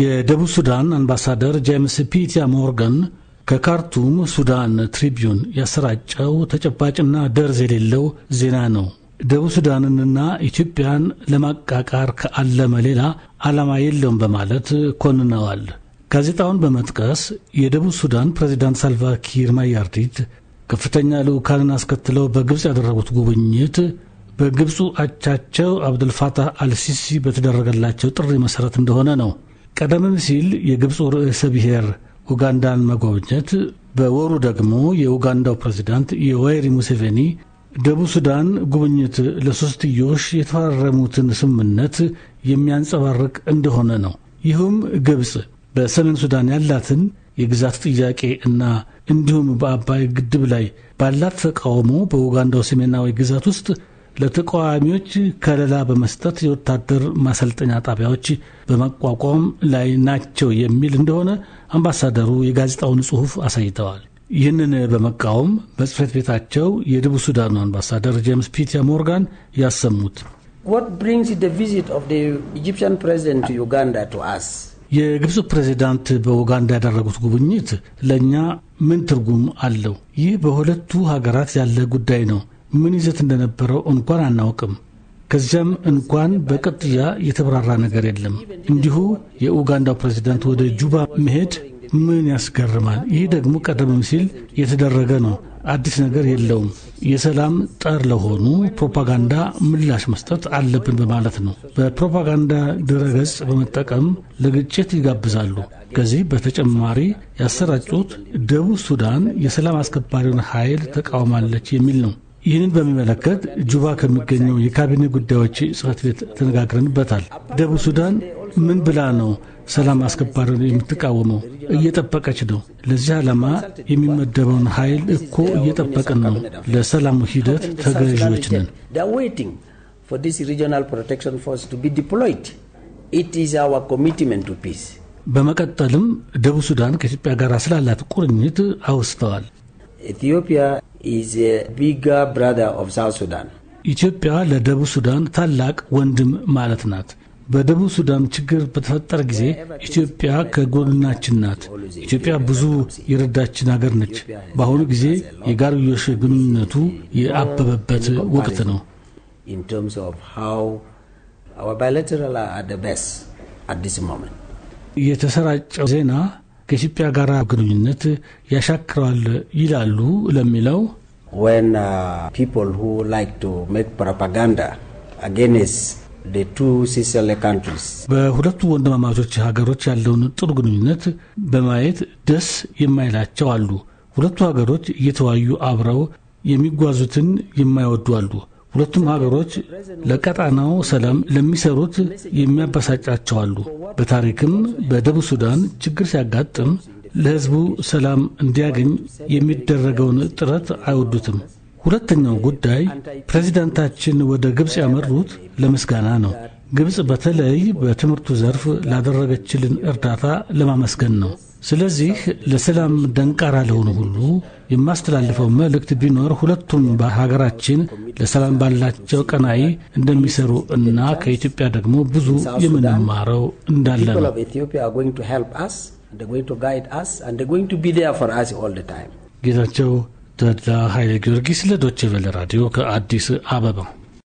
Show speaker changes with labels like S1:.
S1: የደቡብ ሱዳን አምባሳደር ጄምስ ፒቲያ ሞርጋን ከካርቱም ሱዳን ትሪቢዩን ያሰራጨው ተጨባጭና ደርዝ የሌለው ዜና ነው። ደቡብ ሱዳንንና ኢትዮጵያን ለማቃቃር ከአለመ ሌላ ዓላማ የለውም በማለት ኮንነዋል። ጋዜጣውን በመጥቀስ የደቡብ ሱዳን ፕሬዚዳንት ሳልቫኪር ማያርዲት ከፍተኛ ልዑካንን አስከትለው በግብፅ ያደረጉት ጉብኝት በግብፁ አቻቸው አብዱልፋታህ አልሲሲ በተደረገላቸው ጥሪ መሠረት እንደሆነ ነው። ቀደምም ሲል የግብፁ ርዕሰ ብሔር ኡጋንዳን መጎብኘት፣ በወሩ ደግሞ የኡጋንዳው ፕሬዚዳንት የዋይሪ ሙሴቬኒ ደቡብ ሱዳን ጉብኝት ለሶስትዮሽ የተፈራረሙትን ስምምነት የሚያንጸባርቅ እንደሆነ ነው። ይህም ግብፅ በሰሜን ሱዳን ያላትን የግዛት ጥያቄ እና እንዲሁም በአባይ ግድብ ላይ ባላት ተቃውሞ በኡጋንዳው ሰሜናዊ ግዛት ውስጥ ለተቃዋሚዎች ከለላ በመስጠት የወታደር ማሰልጠኛ ጣቢያዎች በመቋቋም ላይ ናቸው የሚል እንደሆነ አምባሳደሩ የጋዜጣውን ጽሑፍ አሳይተዋል። ይህንን በመቃወም በጽፈት ቤታቸው የደቡብ ሱዳኑ አምባሳደር ጄምስ ፒተር ሞርጋን ያሰሙት የግብፅ ፕሬዚዳንት በኡጋንዳ ያደረጉት ጉብኝት ለእኛ ምን ትርጉም አለው? ይህ በሁለቱ ሀገራት ያለ ጉዳይ ነው። ምን ይዘት እንደነበረው እንኳን አናውቅም። ከዚያም እንኳን በቅጥያ የተብራራ ነገር የለም። እንዲሁ የኡጋንዳው ፕሬዚዳንት ወደ ጁባ መሄድ ምን ያስገርማል? ይህ ደግሞ ቀደም ሲል የተደረገ ነው። አዲስ ነገር የለውም። የሰላም ጠር ለሆኑ ፕሮፓጋንዳ ምላሽ መስጠት አለብን በማለት ነው። በፕሮፓጋንዳ ድረገጽ በመጠቀም ለግጭት ይጋብዛሉ። ከዚህ በተጨማሪ ያሰራጩት ደቡብ ሱዳን የሰላም አስከባሪውን ኃይል ተቃውማለች የሚል ነው። ይህንን በሚመለከት ጁባ ከሚገኘው የካቢኔ ጉዳዮች ጽህፈት ቤት ተነጋግረንበታል። ደቡብ ሱዳን ምን ብላ ነው ሰላም አስከባሪን የምትቃወመው? እየጠበቀች ነው። ለዚህ ዓላማ የሚመደበውን ኃይል እኮ እየጠበቅን ነው። ለሰላሙ ሂደት ተገዢዎች ነን። በመቀጠልም ደቡብ ሱዳን ከኢትዮጵያ ጋር ስላላት ቁርኝት አውስተዋል።
S2: ኢትዮጵያ is
S1: ኢትዮጵያ ለደቡብ ሱዳን ታላቅ ወንድም ማለት ናት። በደቡብ ሱዳን ችግር በተፈጠረ ጊዜ ኢትዮጵያ ከጎናችን ናት። ኢትዮጵያ ብዙ የረዳችን ሀገር ነች። በአሁኑ ጊዜ የጋርዮሽ ግንኙነቱ የአበበበት ወቅት ነው። የተሰራጨው ዜና ከኢትዮጵያ ጋር ግንኙነት ያሻክረዋል
S2: ይላሉ ለሚለው when uh, people
S1: በሁለቱ ወንድማማቾች ሀገሮች ያለውን ጥሩ ግንኙነት በማየት ደስ የማይላቸው አሉ። ሁለቱ ሀገሮች እየተዋዩ አብረው የሚጓዙትን የማይወዱ አሉ። ሁለቱም ሀገሮች ለቀጣናው ሰላም ለሚሰሩት የሚያበሳጫቸው አሉ። በታሪክም በደቡብ ሱዳን ችግር ሲያጋጥም ለሕዝቡ ሰላም እንዲያገኝ የሚደረገውን ጥረት አይወዱትም። ሁለተኛው ጉዳይ ፕሬዚዳንታችን ወደ ግብፅ ያመሩት ለምስጋና ነው። ግብፅ በተለይ በትምህርቱ ዘርፍ ላደረገችልን እርዳታ ለማመስገን ነው። ስለዚህ ለሰላም ደንቃራ ለሆኑ ሁሉ የማስተላልፈው መልእክት ቢኖር ሁለቱም በሀገራችን ለሰላም ባላቸው ቀናይ እንደሚሰሩ እና ከኢትዮጵያ ደግሞ ብዙ የምንማረው እንዳለ ነው። ጌታቸው ተድላ ኃይለ ጊዮርጊስ ለዶቼ ቬለ ራዲዮ ከአዲስ አበባ